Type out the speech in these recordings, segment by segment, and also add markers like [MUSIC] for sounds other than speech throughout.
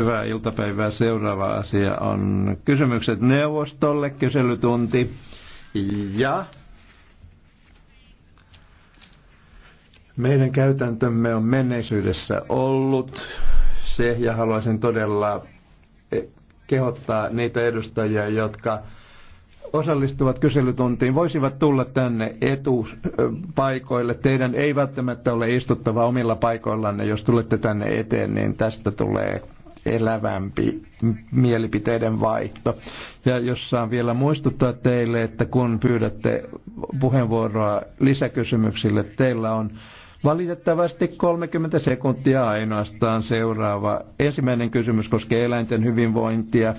Hyvää iltapäivää. Seuraava asia on kysymykset neuvostolle, kyselytunti. Ja meidän käytäntömme on menneisyydessä ollut se, ja haluaisin todella eh, kehottaa niitä edustajia, jotka osallistuvat kyselytuntiin voisivat tulla tänne etupaikoille. Teidän ei välttämättä ole istuttava omilla paikoillanne. Jos tulette tänne eteen, niin tästä tulee elävämpi mielipiteiden vaihto. Ja jos saan vielä muistuttaa teille, että kun pyydätte puheenvuoroa lisäkysymyksille, teillä on Valitettavasti 30 sekuntia ainoastaan seuraava. Ensimmäinen kysymys koskee eläinten hyvinvointia.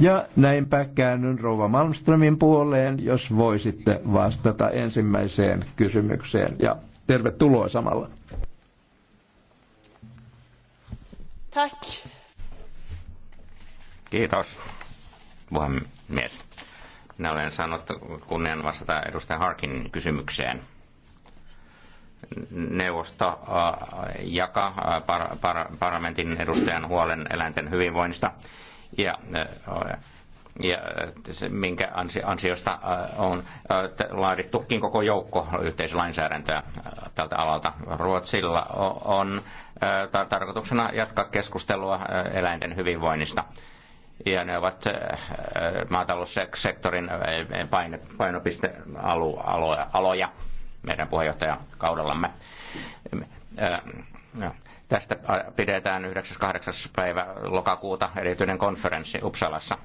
Ja näinpä käännyn Rouva Malmströmin puoleen, jos voisitte vastata ensimmäiseen kysymykseen. Ja tervetuloa samalla. Tack. Kiitos, puhemies. Minä olen saanut kunnian vastata edustajan Harkin kysymykseen. Neuvosto jaka par, par, parlamentin edustajan huolen eläinten hyvinvoinnista ja, ja se, minkä ansiosta on laadittukin koko joukko yhteislainsäädäntöä tältä alalta. Ruotsilla on tarkoituksena jatkaa keskustelua eläinten hyvinvoinnista ja ne ovat äh, äh, maataloussektorin äh, painopistealoja meidän puheenjohtajakaudellamme. Tästä pidetään 98. päivä lokakuuta erityinen konferenssi Uppsalassa.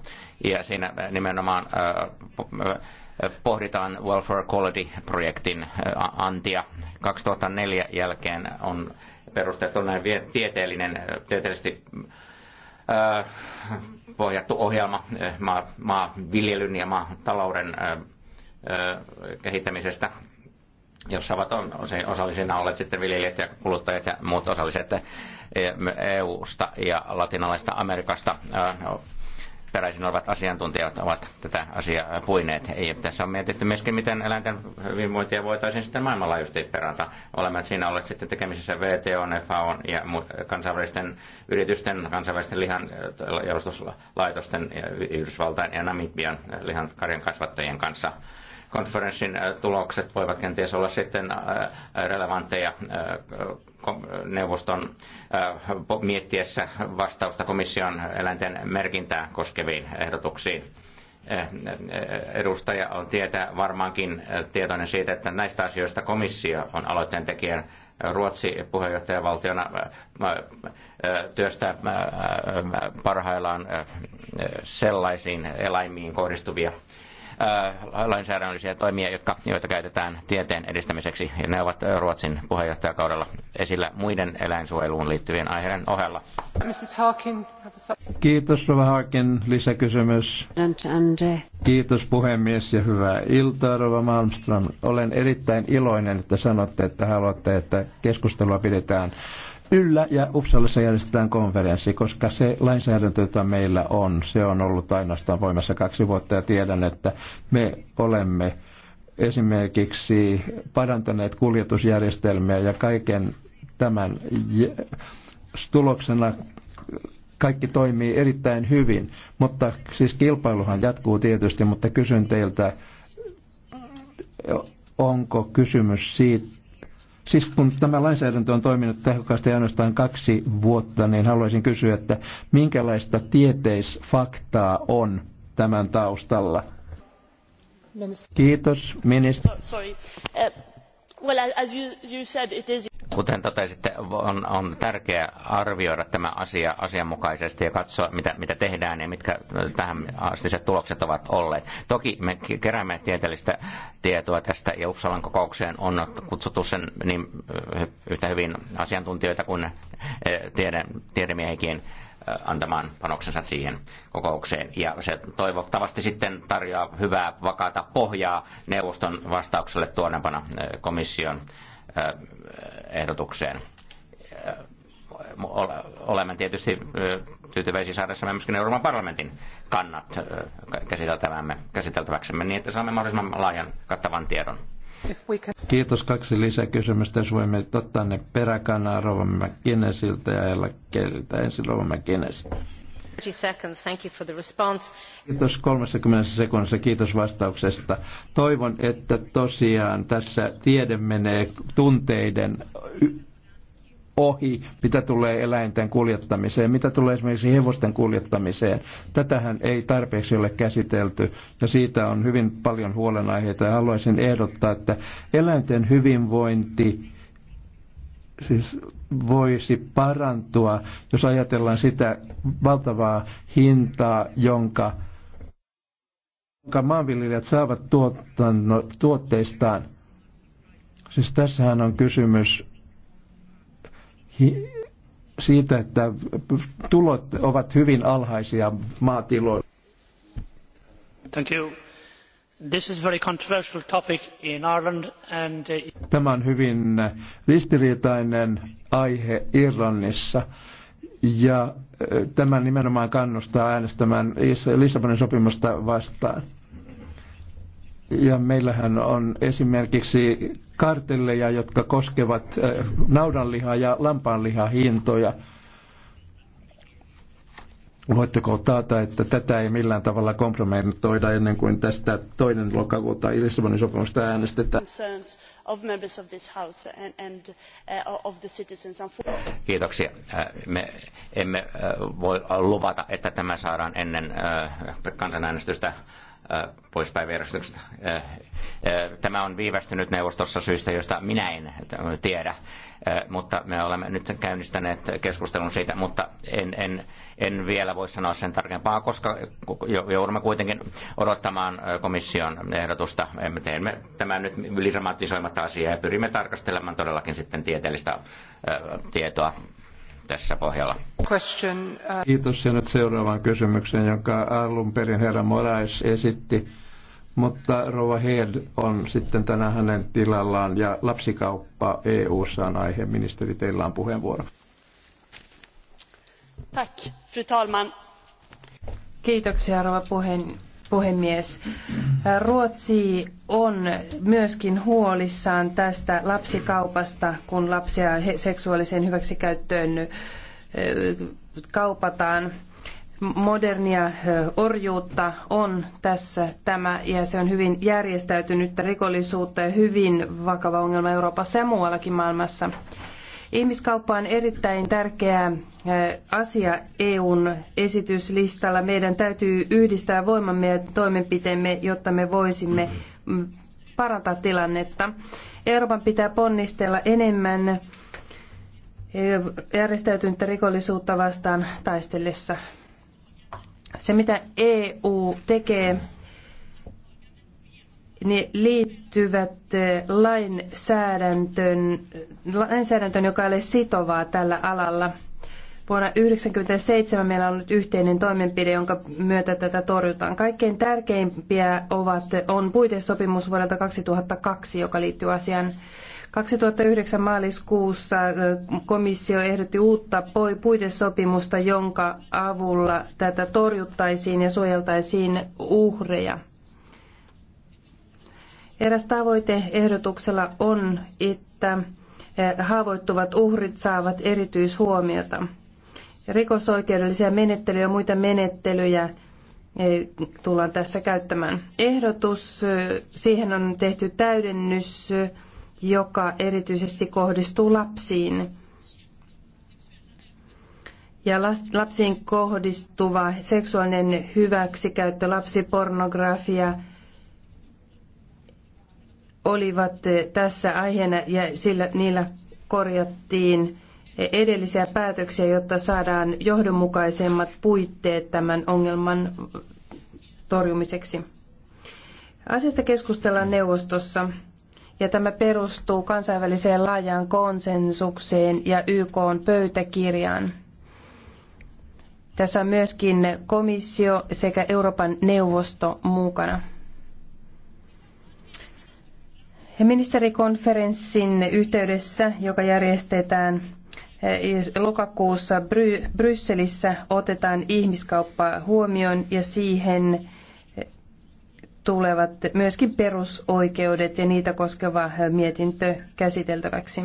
Ja siinä nimenomaan pohditaan Welfare Quality-projektin antia. 2004 jälkeen on perustettu näin tieteellinen, tieteellisesti pohjattu ohjelma maanviljelyn ja maatalouden kehittämisestä, jossa ovat osallisina olleet sitten viljelijät ja kuluttajat ja muut osalliset EU-sta e ja latinalaisesta Amerikasta peräisin olevat asiantuntijat ovat tätä asiaa puineet. Ei, tässä on mietitty myöskin, miten eläinten hyvinvointia voitaisiin sitten maailmanlaajuisesti perata. Olemme siinä olleet sitten tekemisissä VTO, FAO ja kansainvälisten yritysten, kansainvälisten lihan äh, jalostuslaitosten, äh, Yhdysvaltain ja Namibian äh, lihan karjan kasvattajien kanssa konferenssin tulokset voivat kenties olla sitten relevantteja neuvoston äh, miettiessä vastausta komission eläinten merkintää koskeviin ehdotuksiin. Äh, äh, edustaja on tietää varmaankin tietoinen siitä, että näistä asioista komissio on aloitteen tekijän Ruotsi puheenjohtajavaltiona työstää parhaillaan sellaisiin eläimiin kohdistuvia lainsäädännöllisiä toimia, jotka, joita käytetään tieteen edistämiseksi. Ja ne ovat Ruotsin puheenjohtajakaudella esillä muiden eläinsuojeluun liittyvien aiheiden ohella. Mrs. Harkin. Kiitos Rova Harkin. Lisäkysymys. Kiitos puhemies ja hyvää iltaa Rova Malmström. Olen erittäin iloinen, että sanotte, että haluatte, että keskustelua pidetään Yllä ja Uppsalassa järjestetään konferenssi, koska se lainsäädäntö, jota meillä on, se on ollut ainoastaan voimassa kaksi vuotta ja tiedän, että me olemme esimerkiksi parantaneet kuljetusjärjestelmiä ja kaiken tämän tuloksena kaikki toimii erittäin hyvin, mutta siis kilpailuhan jatkuu tietysti, mutta kysyn teiltä, onko kysymys siitä, Siis kun tämä lainsäädäntö on toiminut tehokkaasti ainoastaan kaksi vuotta, niin haluaisin kysyä, että minkälaista tieteisfaktaa on tämän taustalla? Kiitos, ministeri. Eh, Kuten totesitte, on, on tärkeää arvioida tämä asia asianmukaisesti ja katsoa, mitä, mitä tehdään ja mitkä tähän astiset tulokset ovat olleet. Toki me keräämme tieteellistä tietoa tästä ja Uppsalan kokoukseen on kutsuttu sen niin yhtä hyvin asiantuntijoita kuin e, tiede, Äh, antamaan panoksensa siihen kokoukseen. Ja se toivottavasti sitten tarjoaa hyvää, vakaata pohjaa neuvoston vastaukselle tuonempana äh, komission äh, ehdotukseen. Olemme tietysti tyytyväisiä saadessamme myöskin Euroopan parlamentin kannat käsiteltäväksemme niin, että saamme mahdollisimman laajan kattavan tiedon. Kiitos. Kaksi lisäkysymystä. Jos voimme ottaa ne peräkanaa Rova McGinnisiltä ja Ella Kelliltä. Ensin Rova McGinnis. Kiitos 30 sekunnissa, kiitos vastauksesta. Toivon, että tosiaan tässä tiede menee tunteiden ohi, mitä tulee eläinten kuljettamiseen, mitä tulee esimerkiksi hevosten kuljettamiseen. Tätähän ei tarpeeksi ole käsitelty ja siitä on hyvin paljon huolenaiheita ja haluaisin ehdottaa, että eläinten hyvinvointi siis voisi parantua, jos ajatellaan sitä valtavaa hintaa, jonka, jonka maanviljelijät saavat tuotteistaan. Siis tässähän on kysymys siitä, että tulot ovat hyvin alhaisia maatiloilla. Thank you. This is very controversial topic in Ireland and... Uh, tämä on hyvin ristiriitainen aihe Irlannissa. Ja tämä nimenomaan kannustaa äänestämään Lissabonin sopimusta vastaan. Ja meillähän on esimerkiksi kartelleja, jotka koskevat äh, naudanlihaa ja lampaanlihahintoja. Voitteko taata, että tätä ei millään tavalla kompromittoida ennen kuin tästä toinen lokakuuta Lissabonin sopimusta äänestetään? Kiitoksia. Äh, me emme äh, voi luvata, että tämä saadaan ennen kansanäänestystä pois päiväjärjestyksestä. Tämä on viivästynyt neuvostossa syistä, josta minä en tiedä, mutta me olemme nyt käynnistäneet keskustelun siitä, mutta en, en, en vielä voi sanoa sen tarkempaa, koska joudumme kuitenkin odottamaan komission ehdotusta. Me teemme tämän nyt ylidramatisoimatta asiaa ja pyrimme tarkastelemaan todellakin sitten tieteellistä tietoa tässä pohjalla. Question, uh... Kiitos ja nyt seuraavaan kysymykseen, jonka alun perin herra Morais esitti. Mutta Rova Head on sitten tänään hänen tilallaan ja lapsikauppa EU-ssa on aihe. Ministeri, teillä on puheenvuoro. Tack, fru talman. Kiitoksia, rouva puheen, puhemies. Ruotsi on myöskin huolissaan tästä lapsikaupasta, kun lapsia seksuaaliseen hyväksikäyttöön kaupataan. Modernia orjuutta on tässä tämä, ja se on hyvin järjestäytynyttä rikollisuutta ja hyvin vakava ongelma Euroopassa ja muuallakin maailmassa. Ihmiskauppa on erittäin tärkeä asia EUn esityslistalla. Meidän täytyy yhdistää voimamme ja toimenpiteemme, jotta me voisimme mm, parantaa tilannetta. Euroopan pitää ponnistella enemmän järjestäytynyttä rikollisuutta vastaan taistellessa. Se, mitä EU tekee, ne liittyvät lainsäädäntöön, lainsäädäntöön joka ei ole sitovaa tällä alalla. Vuonna 1997 meillä on nyt yhteinen toimenpide, jonka myötä tätä torjutaan. Kaikkein tärkeimpiä ovat, on puitesopimus vuodelta 2002, joka liittyy asiaan. 2009 maaliskuussa äh, komissio ehdotti uutta puitesopimusta, jonka avulla tätä torjuttaisiin ja suojeltaisiin uhreja. Eräs tavoite ehdotuksella on, että äh, haavoittuvat uhrit saavat erityishuomiota rikosoikeudellisia menettelyjä ja muita menettelyjä e, tullaan tässä käyttämään. Ehdotus, e, siihen on tehty täydennys, e, joka erityisesti kohdistuu lapsiin. Ja lapsiin kohdistuva seksuaalinen hyväksikäyttö, lapsipornografia olivat tässä aiheena ja sillä, niillä korjattiin edellisiä päätöksiä, jotta saadaan johdonmukaisemmat puitteet tämän ongelman torjumiseksi. Asiasta keskustellaan neuvostossa ja tämä perustuu kansainväliseen laajaan konsensukseen ja YK on pöytäkirjaan. Tässä on myöskin komissio sekä Euroopan neuvosto mukana. Ja ministerikonferenssin yhteydessä, joka järjestetään lokakuussa Bry- Brysselissä otetaan ihmiskauppa huomioon ja siihen tulevat myöskin perusoikeudet ja niitä koskeva mietintö käsiteltäväksi.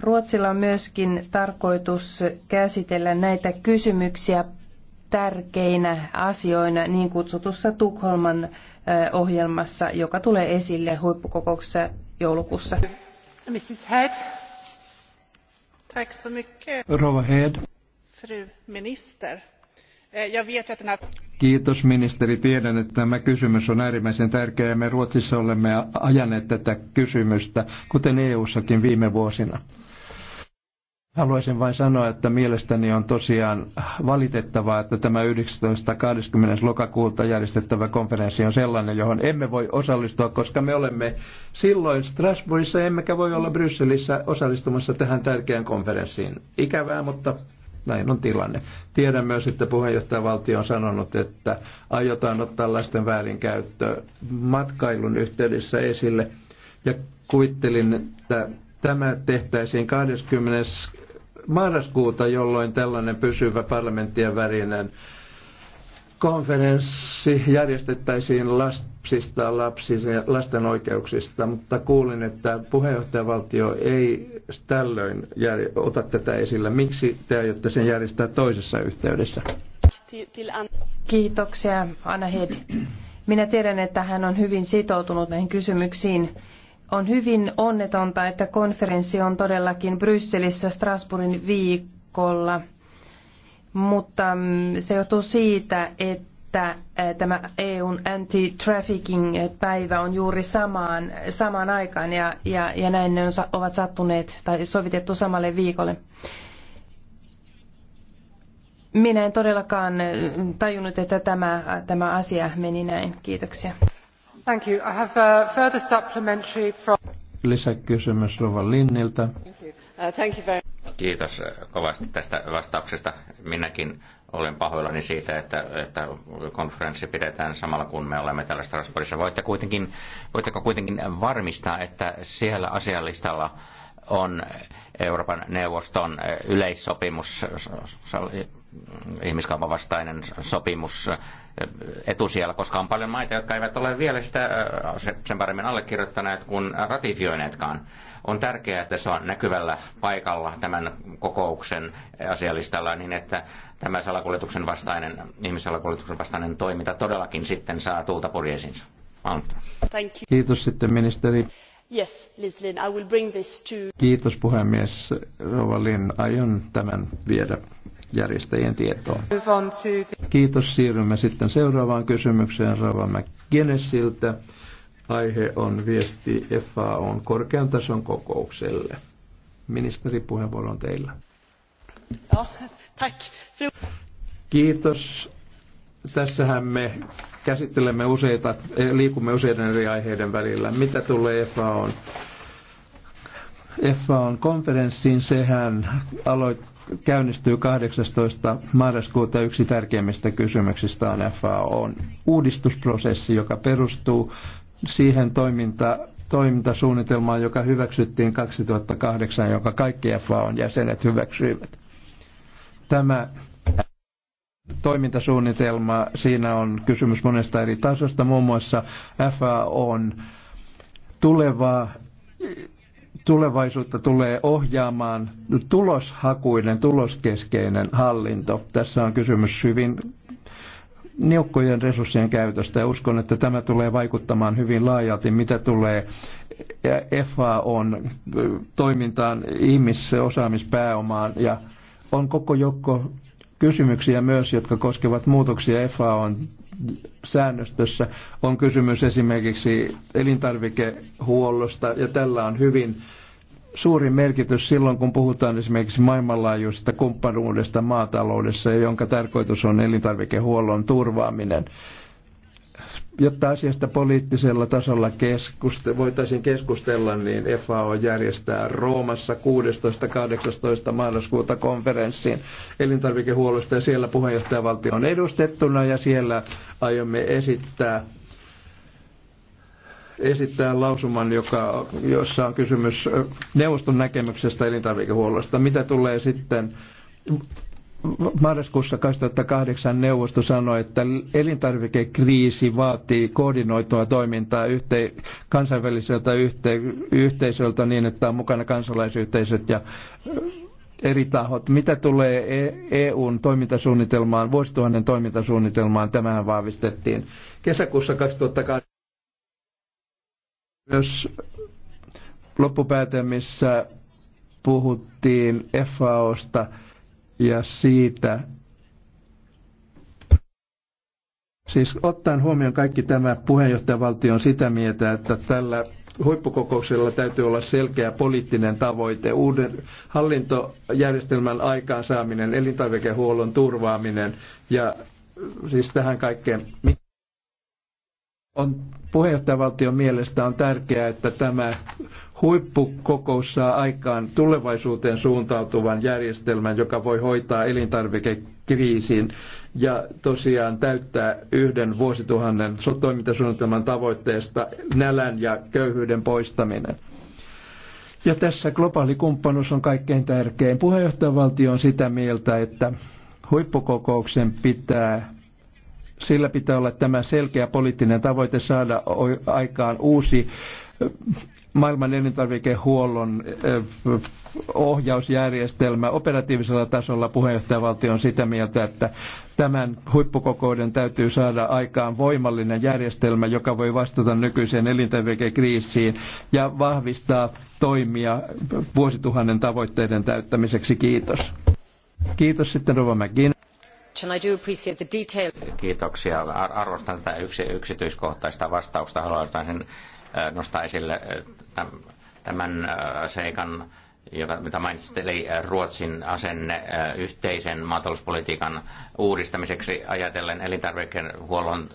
Ruotsilla on myöskin tarkoitus käsitellä näitä kysymyksiä tärkeinä asioina niin kutsutussa Tukholman ohjelmassa, joka tulee esille huippukokouksessa joulukuussa. Mrs. Head. Tack så mycket. Rova Hed. Fru minister. Eh, jag vet att den här... Kiitos ministeri. Tiedän, että tämä kysymys on äärimmäisen tärkeä ja me Ruotsissa olemme ajaneet tätä kysymystä, kuten EU-sakin viime vuosina. Haluaisin vain sanoa, että mielestäni on tosiaan valitettavaa, että tämä 19.20. lokakuuta järjestettävä konferenssi on sellainen, johon emme voi osallistua, koska me olemme silloin Strasbourgissa, emmekä voi olla Brysselissä osallistumassa tähän tärkeään konferenssiin. Ikävää, mutta näin on tilanne. Tiedän myös, että puheenjohtajavaltio on sanonut, että aiotaan ottaa lasten väärinkäyttö matkailun yhteydessä esille. Ja kuvittelin, että tämä tehtäisiin 20 marraskuuta, jolloin tällainen pysyvä parlamenttien värinen konferenssi järjestettäisiin lapsista, lapsista lasten oikeuksista, mutta kuulin, että puheenjohtajavaltio ei tällöin jär, ota tätä esillä. Miksi te aiotte sen järjestää toisessa yhteydessä? Kiitoksia, Anna Hed. Minä tiedän, että hän on hyvin sitoutunut näihin kysymyksiin on hyvin onnetonta, että konferenssi on todellakin Brysselissä Strasbourgin viikolla, mutta mm, se johtuu siitä, että äh, tämä EUn anti-trafficking-päivä on juuri samaan, samaan aikaan ja, ja, ja näin ne ovat sattuneet tai sovitettu samalle viikolle. Minä en todellakaan äh, tajunnut, että tämä, tämä asia meni näin. Kiitoksia. Thank you. I have a uh, further supplementary from... Lisäkysymys Ruvan Linniltä. Thank you. Uh, thank you very... Kiitos uh, kovasti tästä vastauksesta. Minäkin olen pahoillani siitä, että, että konferenssi pidetään samalla kun me olemme täällä Strasbourgissa. Voitte kuitenkin, voitteko kuitenkin varmistaa, että siellä asialistalla on Euroopan neuvoston uh, yleissopimus, ihmiskaupan vastainen sopimus etusijalla, koska on paljon maita, jotka eivät ole vielä sitä sen paremmin allekirjoittaneet kuin ratifioineetkaan. On tärkeää, että se on näkyvällä paikalla tämän kokouksen asialistalla niin, että tämä salakuljetuksen vastainen, ihmisalakuljetuksen vastainen toiminta todellakin sitten saa tulta purjeisiinsa. Kiitos sitten ministeri. Yes, Liz Lynn, I will bring this to... Kiitos puhemies. Rovalin, aion tämän viedä järjestäjien tietoon. Kiitos. Siirrymme sitten seuraavaan kysymykseen Rava McGinnessiltä. Aihe on viesti FAOn korkean tason kokoukselle. Ministeri, puheenvuoro on teillä. Kiitos. Tässähän me käsittelemme useita, eh, liikumme useiden eri aiheiden välillä. Mitä tulee FAOn FAOn konferenssiin, sehän aloittaa käynnistyy 18. marraskuuta yksi tärkeimmistä kysymyksistä on FAOn uudistusprosessi, joka perustuu siihen toiminta, toimintasuunnitelmaan, joka hyväksyttiin 2008, jonka kaikki FAOn jäsenet hyväksyivät. Tämä toimintasuunnitelma, siinä on kysymys monesta eri tasosta, muun muassa FAOn tulevaa tulevaisuutta tulee ohjaamaan tuloshakuinen, tuloskeskeinen hallinto. Tässä on kysymys hyvin niukkojen resurssien käytöstä ja uskon, että tämä tulee vaikuttamaan hyvin laajalti, mitä tulee FAOn toimintaan, ihmisosaamispääomaan ja on koko joukko kysymyksiä myös, jotka koskevat muutoksia FAOn säännöstössä. On kysymys esimerkiksi elintarvikehuollosta ja tällä on hyvin suuri merkitys silloin, kun puhutaan esimerkiksi maailmanlaajuisesta kumppanuudesta maataloudessa, jonka tarkoitus on elintarvikehuollon turvaaminen jotta asiasta poliittisella tasolla keskuste, voitaisiin keskustella, niin FAO järjestää Roomassa 16.–18. maaliskuuta konferenssiin elintarvikehuollosta ja siellä puheenjohtajavaltio on edustettuna ja siellä aiomme esittää esittää lausuman, joka, jossa on kysymys neuvoston näkemyksestä elintarvikehuollosta. Mitä tulee sitten marraskuussa 2008 neuvosto sanoi, että elintarvikekriisi vaatii koordinoitua toimintaa yhte, kansainväliseltä yhte, yhteisöltä niin, että on mukana kansalaisyhteisöt ja äh, eri tahot. Mitä tulee EUn e toimintasuunnitelmaan, vuosituhannen toimintasuunnitelmaan, tämähän vahvistettiin kesäkuussa 2008. Myös loppupäätelmissä puhuttiin FAOsta – ja siitä, Siis ottaen huomioon kaikki tämä, puheenjohtajavaltio on sitä mieltä, että tällä huippukokouksella täytyy olla selkeä poliittinen tavoite, uuden hallintojärjestelmän aikaansaaminen, elintarvikehuollon turvaaminen ja siis tähän kaikkeen. On, puheenjohtajavaltion mielestä on tärkeää, että tämä Huippukokous saa aikaan tulevaisuuteen suuntautuvan järjestelmän, joka voi hoitaa elintarvikekriisin ja tosiaan täyttää yhden vuosituhannen toimintasuunnitelman tavoitteesta nälän ja köyhyyden poistaminen. Ja tässä globaali kumppanuus on kaikkein tärkein. Puheenjohtajavaltio on sitä mieltä, että huippukokouksen pitää, sillä pitää olla tämä selkeä poliittinen tavoite saada aikaan uusi maailman elintarvikehuollon eh, ohjausjärjestelmä operatiivisella tasolla puheenjohtajavaltio on sitä mieltä, että tämän huippukokouden täytyy saada aikaan voimallinen järjestelmä, joka voi vastata nykyiseen elintarvikekriisiin ja vahvistaa toimia vuosituhannen tavoitteiden täyttämiseksi. Kiitos. Kiitos sitten Rova McGinn. Kiitoksia. Arvostan tätä yksityiskohtaista vastausta. Haluan sen nostaa esille tämän seikan, joka, mitä mainitsit, eli Ruotsin asenne yhteisen maatalouspolitiikan uudistamiseksi ajatellen elintarvikehuollon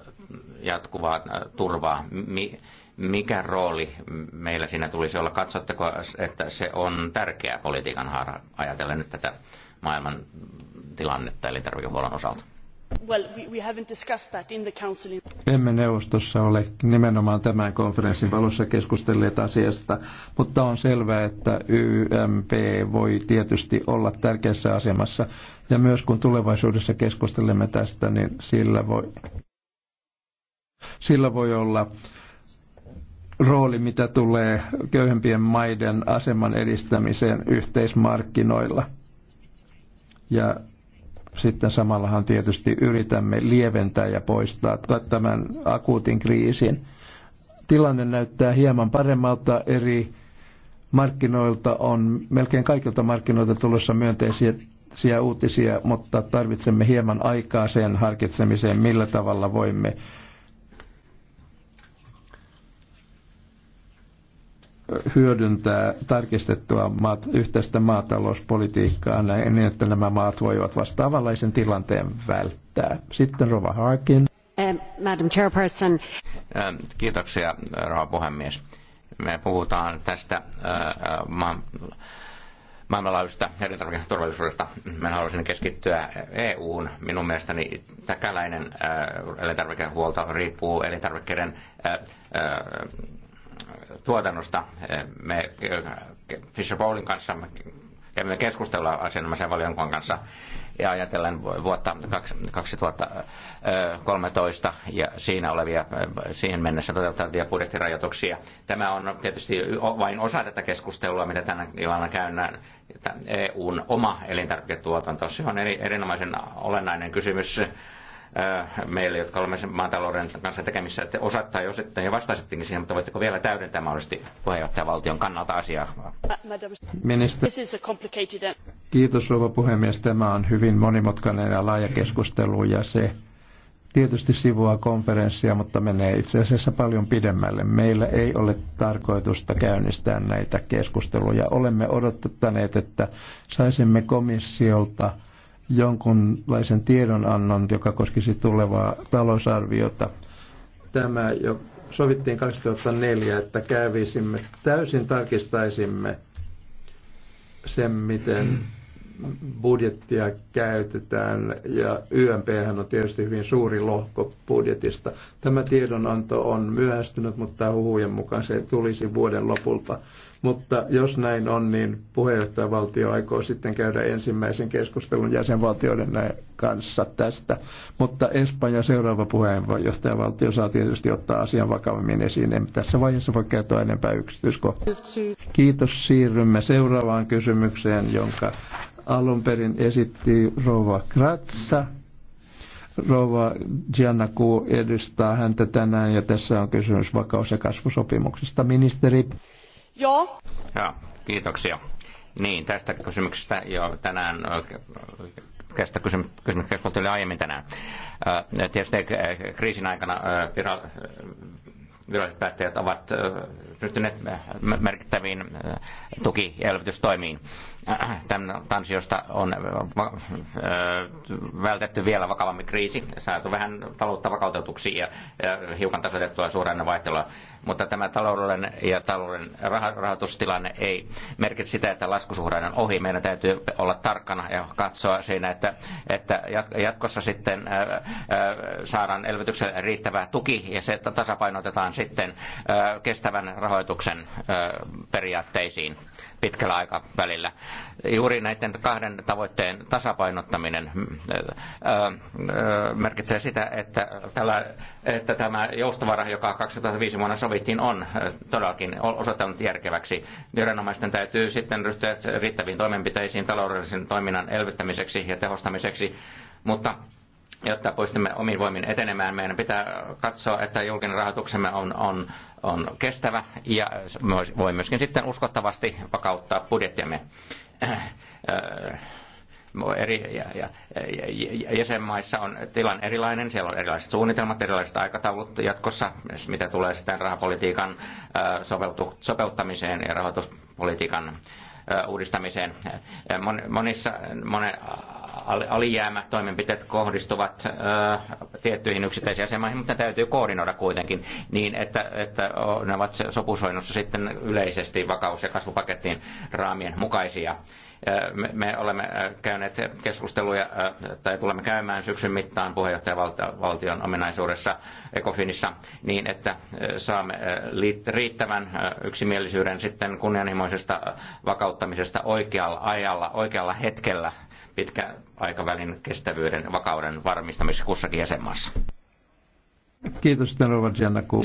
jatkuvaa turvaa. Mikä rooli meillä siinä tulisi olla? Katsotteko, että se on tärkeä politiikan haara ajatellen nyt tätä maailman tilannetta elintarvikehuollon osalta? Well, we, haven't discussed that in the council. Emme neuvostossa ole nimenomaan tämän konferenssin valossa keskustelleet asiasta, mutta on selvää, että YMP voi tietysti olla tärkeässä asemassa. Ja myös kun tulevaisuudessa keskustelemme tästä, niin sillä voi, sillä voi olla rooli, mitä tulee köyhempien maiden aseman edistämiseen yhteismarkkinoilla. Ja sitten samallahan tietysti yritämme lieventää ja poistaa tämän akuutin kriisin. Tilanne näyttää hieman paremmalta eri markkinoilta on melkein kaikilta markkinoilta tulossa myönteisiä uutisia, mutta tarvitsemme hieman aikaa sen harkitsemiseen, millä tavalla voimme hyödyntää tarkistettua maat, yhteistä maatalouspolitiikkaa niin, että nämä maat voivat vastaavanlaisen tilanteen välttää. Sitten Rova Harkin. Um, Madam Chairperson. Ähm, kiitoksia, rouva puhemies. Me puhutaan tästä äh, äh, maan maailmanlaajuisesta elintarviketurvallisuudesta. Mä haluaisin keskittyä EUun. Minun mielestäni täkäläinen äh, elintarvikehuolto riippuu elintarvikkeiden ää, ää, tuotannosta. Eh, me eh, Fisher Bowlin kanssa kävimme keskustelua asianomaisen valiokunnan kanssa ja ajatellen vuotta 2013 eh, ja siinä olevia, siihen mennessä toteutettavia budjettirajoituksia. Tämä on tietysti vain osa tätä keskustelua, mitä tänä ilana käynnään. EUn e oma elintarviketuotanto, se on eri, erinomaisen olennainen kysymys Äh, meille, jotka olemme maatalouden kanssa tekemissä, että osattaa, jos ette, ja vastasittekin siihen, mutta voitteko vielä täydentää mahdollisesti puheenjohtajavaltion kannalta asiaa? Minister... Uh- Kiitos rouva puhemies. Tämä on hyvin monimutkainen ja laaja keskustelu ja se tietysti sivua konferenssia, mutta menee itse asiassa paljon pidemmälle. Meillä ei ole tarkoitusta käynnistää näitä keskusteluja. Olemme odottaneet, että saisimme komissiolta jonkunlaisen tiedonannon, joka koskisi tulevaa talousarviota. Tämä jo sovittiin 2004, että kävisimme, täysin tarkistaisimme sen, miten budjettia käytetään ja YMP on tietysti hyvin suuri lohko budjetista. Tämä tiedonanto on myöhästynyt, mutta huhujen mukaan se tulisi vuoden lopulta. Mutta jos näin on, niin puheenjohtajavaltio aikoo sitten käydä ensimmäisen keskustelun jäsenvaltioiden kanssa tästä. Mutta Espanja seuraava puheenjohtajavaltio saa tietysti ottaa asian vakavammin esiin. En tässä vaiheessa voi kertoa enempää yksityiskohtaa. Kiitos. Siirrymme seuraavaan kysymykseen, jonka alun perin esitti Rova Kratsa. Rova Gianna Kuu edustaa häntä tänään ja tässä on kysymys vakaus- ja kasvusopimuksesta. Ministeri. Joo. Joo, kiitoksia. Niin, tästä kysymyksestä jo tänään tästä kysymyksestä keskusteltiin aiemmin tänään. Tietysti eh, kriisin aikana eh, viralliset päättäjät ovat ryhtyneet merkittäviin tuki- ja elvytystoimiin. Äh, tämän tansiosta on vältetty vielä vakavampi kriisi, saatu vähän taloutta vakautetuksi ja hiukan tasoitettua suhdannevaihtelua. vaihtelua mutta tämä talouden ja talouden rahoitustilanne ei merkitse sitä, että laskusuhdanne on ohi. Meidän täytyy olla tarkkana ja katsoa siinä, että, että jatkossa sitten saadaan elvytyksen riittävä tuki ja se tasapainotetaan sitten kestävän rahoituksen periaatteisiin pitkällä aikavälillä. Juuri näiden kahden tavoitteen tasapainottaminen merkitsee sitä, että, tällä, että tämä joustovara, joka 2005 vuonna sovittiin, on todellakin osoittanut järkeväksi. Viranomaisten täytyy sitten ryhtyä riittäviin toimenpiteisiin taloudellisen toiminnan elvyttämiseksi ja tehostamiseksi, mutta jotta pystymme omin voimin etenemään, meidän pitää katsoa, että julkinen rahoituksemme on, on, on kestävä ja voi myöskin sitten uskottavasti vakauttaa budjettiamme äh, eri jäsenmaissa on tilanne erilainen, siellä on erilaiset suunnitelmat, erilaiset aikataulut jatkossa, mitä tulee sitten rahapolitiikan sopeuttamiseen ja rahoituspolitiikan uudistamiseen. Monissa monen toimenpiteet kohdistuvat tiettyihin yksittäisiin jäsenmaihin, mutta ne täytyy koordinoida kuitenkin niin, että, että ne ovat sopusoinnussa sitten yleisesti vakaus- ja kasvupakettiin raamien mukaisia. Me olemme käyneet keskusteluja, tai tulemme käymään syksyn mittaan puheenjohtajavaltion ominaisuudessa Ecofinissa, niin että saamme riittävän yksimielisyyden sitten kunnianhimoisesta vakauttamisesta oikealla ajalla, oikealla hetkellä pitkä aikavälin kestävyyden vakauden varmistamiseksi kussakin jäsenmaassa. Kiitos,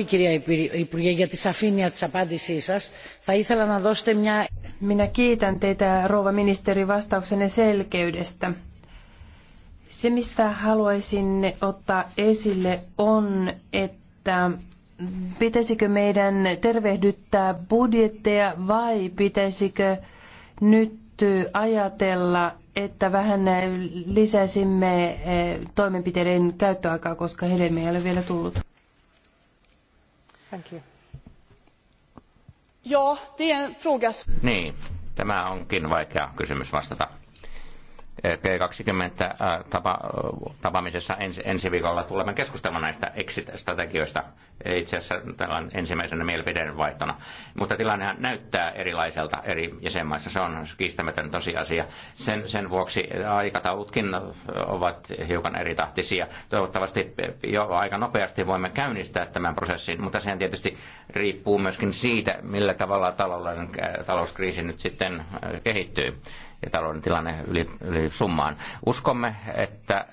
Κυρία Υπουργέ, για τη σαφήνεια της απάντησής σας. Θα ήθελα να δώσετε μια... Minä kiitän teitä, rouva ministeri, vastauksenne selkeydestä. Se, mistä haluaisin ottaa esille, on, että pitäisikö meidän tervehdyttää budjetteja vai pitäisikö nyt ajatella, että vähän lisäsimme eh, toimenpiteiden käyttöaikaa, koska hedelmiä ei ole vielä tullut? Thank you. Joo, Niin, tämä onkin vaikea kysymys vastata. G20-tapaamisessa äh, ensi, ensi viikolla tulemme keskustelemaan näistä exit-strategioista itse asiassa tällä ensimmäisenä mielipideen vaihtona. Mutta tilannehan näyttää erilaiselta eri jäsenmaissa, se on kiistämätön tosiasia. Sen, sen vuoksi aikataulutkin ovat hiukan eritahtisia. Toivottavasti jo aika nopeasti voimme käynnistää tämän prosessin, mutta sehän tietysti riippuu myöskin siitä, millä tavalla talouden, äh, talouskriisi nyt sitten äh, kehittyy talouden tilanne yli, yli summaan. Uskomme, että,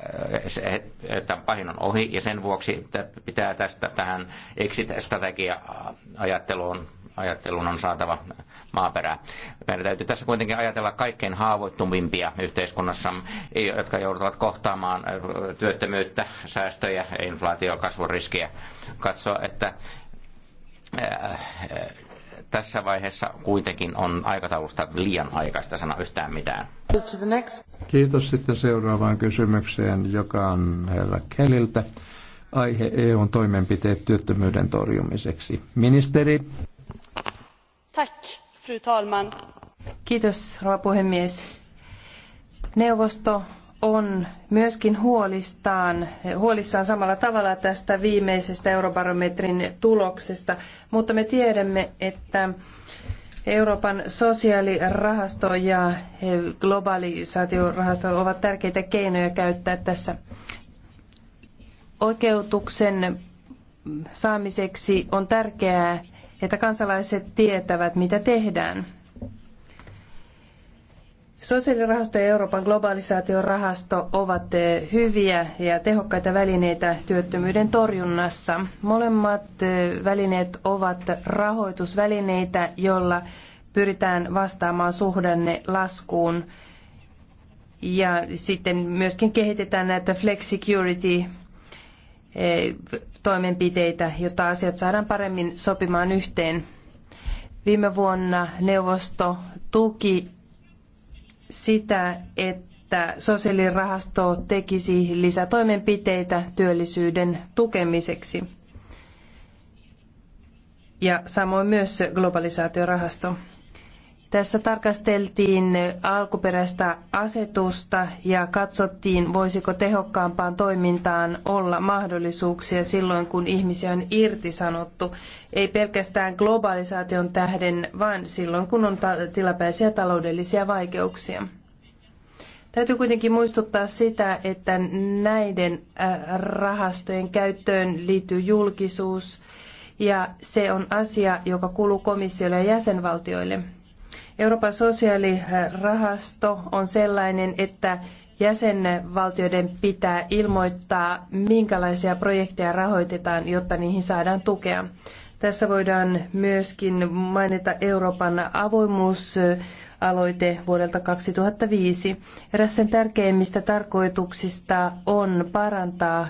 että pahin on ohi ja sen vuoksi pitää tästä tähän exit-strategia-ajatteluun ajatteluun on saatava maaperää. Meidän täytyy tässä kuitenkin ajatella kaikkein haavoittuvimpia yhteiskunnassa, jotka joutuvat kohtaamaan työttömyyttä, säästöjä, inflaatio- ja kasvuriskiä. Katsoa, että tässä vaiheessa kuitenkin on aikataulusta liian aikaista sanoa yhtään mitään. Kiitos sitten seuraavaan kysymykseen, joka on herra Keliltä. Aihe EUn toimenpiteet työttömyyden torjumiseksi. Ministeri. Tack, fru talman. Kiitos, rouva puhemies. Neuvosto on myöskin huolistaan, huolissaan samalla tavalla tästä viimeisestä eurobarometrin tuloksesta, mutta me tiedämme, että Euroopan sosiaalirahasto ja globalisaatiorahasto ovat tärkeitä keinoja käyttää tässä oikeutuksen saamiseksi on tärkeää, että kansalaiset tietävät, mitä tehdään. Sosiaalirahasto ja Euroopan globalisaatiorahasto ovat eh, hyviä ja tehokkaita välineitä työttömyyden torjunnassa. Molemmat eh, välineet ovat rahoitusvälineitä, joilla pyritään vastaamaan suhdanne laskuun. Ja sitten myöskin kehitetään näitä flexicurity eh, toimenpiteitä, jotta asiat saadaan paremmin sopimaan yhteen. Viime vuonna neuvosto tuki sitä, että sosiaalirahasto tekisi lisätoimenpiteitä työllisyyden tukemiseksi ja samoin myös globalisaatiorahasto. Tässä tarkasteltiin alkuperäistä asetusta ja katsottiin, voisiko tehokkaampaan toimintaan olla mahdollisuuksia silloin, kun ihmisiä on irtisanottu. Ei pelkästään globalisaation tähden, vaan silloin, kun on tilapäisiä taloudellisia vaikeuksia. Täytyy kuitenkin muistuttaa sitä, että näiden äh, rahastojen käyttöön liittyy julkisuus ja se on asia, joka kuuluu komissiolle ja jäsenvaltioille. Euroopan sosiaalirahasto on sellainen, että jäsenvaltioiden pitää ilmoittaa, minkälaisia projekteja rahoitetaan, jotta niihin saadaan tukea. Tässä voidaan myöskin mainita Euroopan avoimuusaloite vuodelta 2005. Eräs sen tärkeimmistä tarkoituksista on parantaa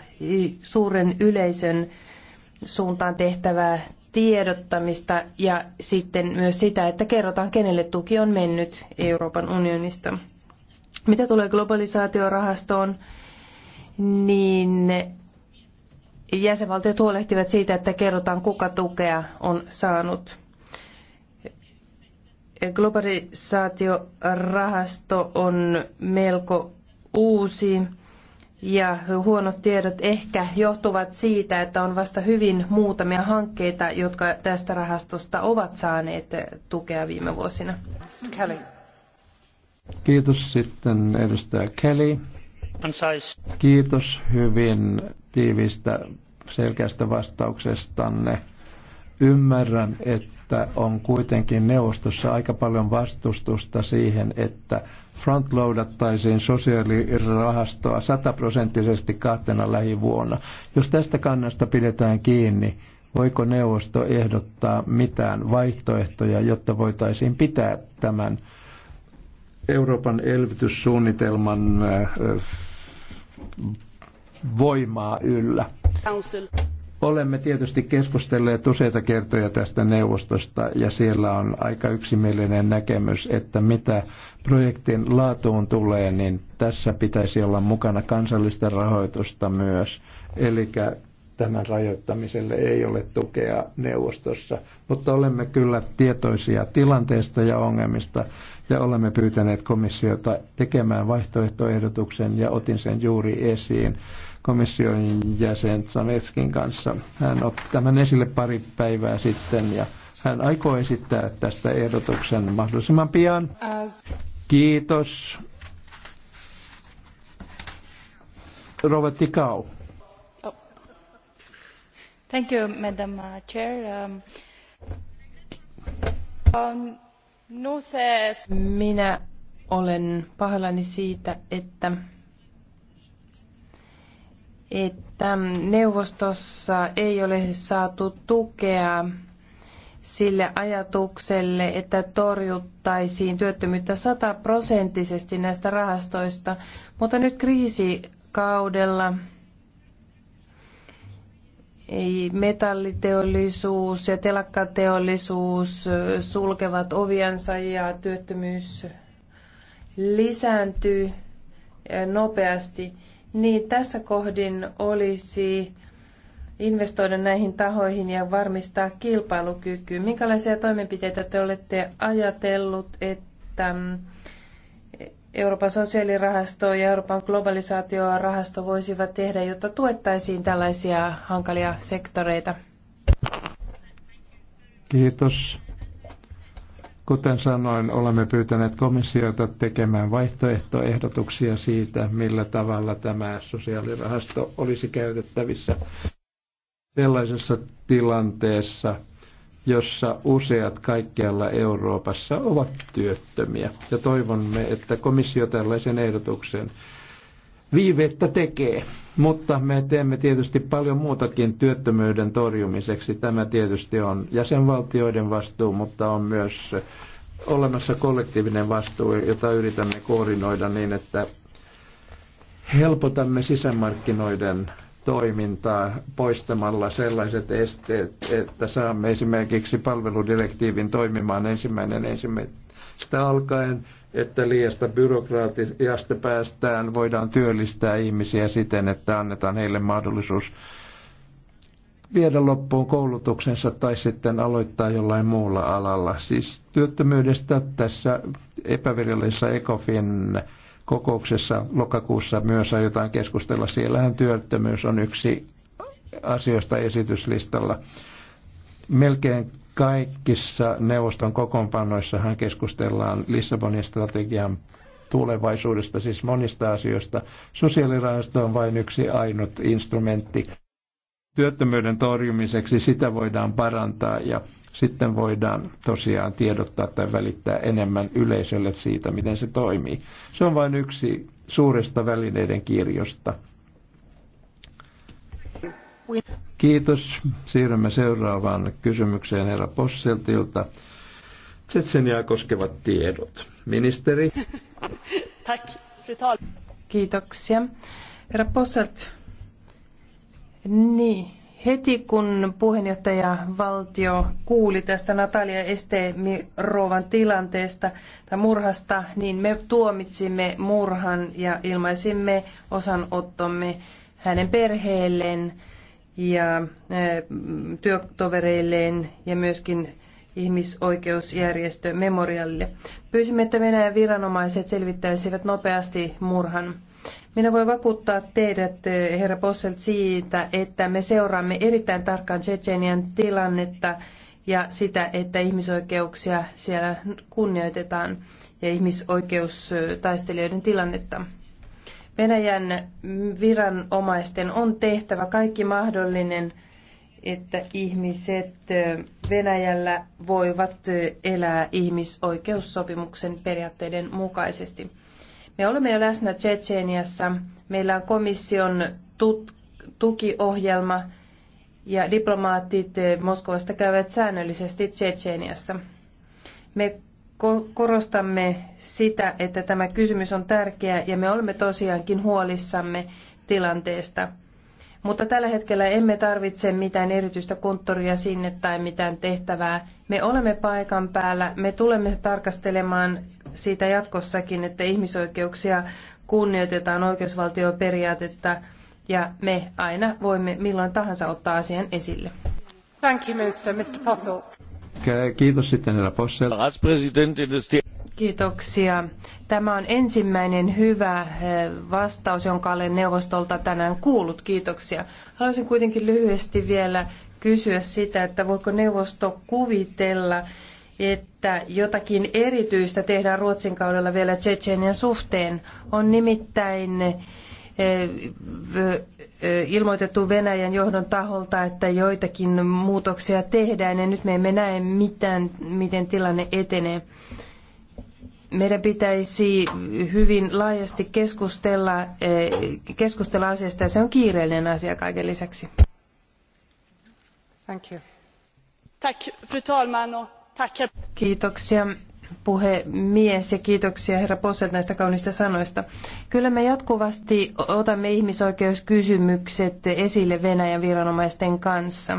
suuren yleisön suuntaan tehtävää tiedottamista ja sitten myös sitä, että kerrotaan, kenelle tuki on mennyt Euroopan unionista. Mitä tulee globalisaatiorahastoon, niin jäsenvaltiot huolehtivat siitä, että kerrotaan, kuka tukea on saanut. Globalisaatiorahasto on melko uusi ja huonot tiedot ehkä johtuvat siitä, että on vasta hyvin muutamia hankkeita, jotka tästä rahastosta ovat saaneet tukea viime vuosina. Kelly. Kiitos sitten edustaja Kelly. Kiitos hyvin tiivistä selkeästä vastauksestanne. Ymmärrän, että on kuitenkin neuvostossa aika paljon vastustusta siihen, että frontloadattaisiin sosiaalirahastoa sataprosenttisesti kahtena lähivuonna. Jos tästä kannasta pidetään kiinni, voiko neuvosto ehdottaa mitään vaihtoehtoja, jotta voitaisiin pitää tämän Euroopan elvytyssuunnitelman äh, voimaa yllä? Olemme tietysti keskustelleet useita kertoja tästä neuvostosta ja siellä on aika yksimielinen näkemys, että mitä projektin laatuun tulee, niin tässä pitäisi olla mukana kansallista rahoitusta myös. Eli tämän rajoittamiselle ei ole tukea neuvostossa, mutta olemme kyllä tietoisia tilanteesta ja ongelmista ja olemme pyytäneet komissiota tekemään vaihtoehtoehdotuksen ja otin sen juuri esiin komission jäsen Sametskin kanssa. Hän otti tämän esille pari päivää sitten ja hän aikoo esittää tästä ehdotuksen mahdollisimman pian. Kiitos. Rova Tikau. Oh. Thank you, Madam uh, Chair. Um, um, no se... Minä olen pahoillani siitä, että että neuvostossa ei ole saatu tukea sille ajatukselle, että torjuttaisiin työttömyyttä sataprosenttisesti näistä rahastoista, mutta nyt kriisikaudella metalliteollisuus ja telakkateollisuus sulkevat oviansa ja työttömyys lisääntyy nopeasti, niin tässä kohdin olisi investoida näihin tahoihin ja varmistaa kilpailukyky. Minkälaisia toimenpiteitä te olette ajatellut, että mm, Euroopan sosiaalirahasto ja Euroopan globalisaatiorahasto voisivat tehdä, jotta tuettaisiin tällaisia hankalia sektoreita? Kiitos. Kuten sanoin, olemme pyytäneet komissiota tekemään vaihtoehtoehdotuksia siitä, millä tavalla tämä sosiaalirahasto olisi käytettävissä sellaisessa tilanteessa, jossa useat kaikkialla Euroopassa ovat työttömiä. Ja toivomme, että komissio tällaisen ehdotuksen viivettä tekee. Mutta me teemme tietysti paljon muutakin työttömyyden torjumiseksi. Tämä tietysti on jäsenvaltioiden vastuu, mutta on myös olemassa kollektiivinen vastuu, jota yritämme koordinoida niin, että helpotamme sisämarkkinoiden toimintaa poistamalla sellaiset esteet, että saamme esimerkiksi palveludirektiivin toimimaan ensimmäinen ensimmäistä alkaen, että liiasta byrokraatiasta päästään, voidaan työllistää ihmisiä siten, että annetaan heille mahdollisuus viedä loppuun koulutuksensa tai sitten aloittaa jollain muulla alalla. Siis työttömyydestä tässä epävirallisessa ECOFIN kokouksessa lokakuussa myös aiotaan keskustella. Siellähän työttömyys on yksi asioista esityslistalla. Melkein kaikissa neuvoston kokoonpanoissahan keskustellaan Lissabonin strategian tulevaisuudesta, siis monista asioista. Sosiaalirahasto on vain yksi ainut instrumentti. Työttömyyden torjumiseksi sitä voidaan parantaa ja sitten voidaan tosiaan tiedottaa tai välittää enemmän yleisölle siitä, miten se toimii. Se on vain yksi suuresta välineiden kirjosta. Kiitos. Siirrymme seuraavaan kysymykseen herra Posseltilta. Tsetseniaa koskevat tiedot. Ministeri. [LAUGHS] Kiitoksia. Herra Posselt, niin, Heti kun puheenjohtaja valtio kuuli tästä Natalia Estemirovan tilanteesta tai murhasta, niin me tuomitsimme murhan ja ilmaisimme osanottomme hänen perheelleen ja työtovereilleen ja myöskin ihmisoikeusjärjestö Memorialille. Pyysimme, että Venäjän viranomaiset selvittäisivät nopeasti murhan. Minä voin vakuuttaa teidät, eh, herra Posselt, siitä, että me seuraamme erittäin tarkkaan Tsetsenian tilannetta ja sitä, että ihmisoikeuksia siellä kunnioitetaan ja ihmisoikeustaistelijoiden tilannetta. Venäjän viranomaisten on tehtävä kaikki mahdollinen, että ihmiset eh, Venäjällä voivat eh, elää ihmisoikeussopimuksen periaatteiden mukaisesti. Me olemme jo läsnä Tsetseeniassa. Meillä on komission tukiohjelma ja diplomaatit Moskovasta käyvät säännöllisesti Tsetseeniassa. Me korostamme sitä, että tämä kysymys on tärkeä ja me olemme tosiaankin huolissamme tilanteesta. Mutta tällä hetkellä emme tarvitse mitään erityistä konttoria sinne tai mitään tehtävää. Me olemme paikan päällä, me tulemme tarkastelemaan siitä jatkossakin, että ihmisoikeuksia kunnioitetaan oikeusvaltioperiaatetta ja me aina voimme milloin tahansa ottaa asian esille. Thank you, Mr. Mr. Kiitos sitten herra Possel. Kiitoksia. Tämä on ensimmäinen hyvä eh, vastaus, jonka olen neuvostolta tänään kuullut. Kiitoksia. Haluaisin kuitenkin lyhyesti vielä kysyä sitä, että voiko neuvosto kuvitella, että jotakin erityistä tehdään Ruotsin kaudella vielä Tsetseenien suhteen. On nimittäin eh, eh, ilmoitettu Venäjän johdon taholta, että joitakin muutoksia tehdään ja nyt me emme näe mitään, miten tilanne etenee. Meidän pitäisi hyvin laajasti keskustella, eh, keskustella asiasta ja se on kiireellinen asia kaiken lisäksi. Tack, fru talman. Kiitoksia puhemies ja kiitoksia herra Posselt näistä kaunista sanoista. Kyllä me jatkuvasti otamme ihmisoikeuskysymykset esille Venäjän viranomaisten kanssa.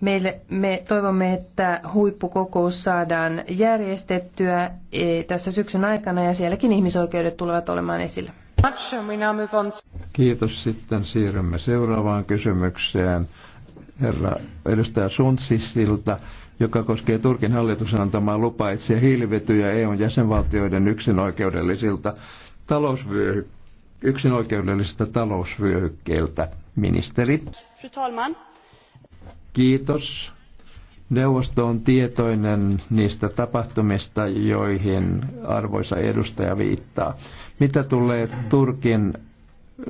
Meille, me toivomme, että huippukokous saadaan järjestettyä e, tässä syksyn aikana ja sielläkin ihmisoikeudet tulevat olemaan esillä. Kiitos. Sitten siirrymme seuraavaan kysymykseen herra edustaja Suntsisilta joka koskee Turkin hallituksen antamaa lupaa etsiä hiilivetyjä EUn jäsenvaltioiden yksinoikeudellisilta talousvyöhy- yksinoikeudellisilta talousvyöhykkeiltä. Ministeri. Fru talman. Kiitos. Neuvosto on tietoinen niistä tapahtumista, joihin arvoisa edustaja viittaa. Mitä tulee Turkin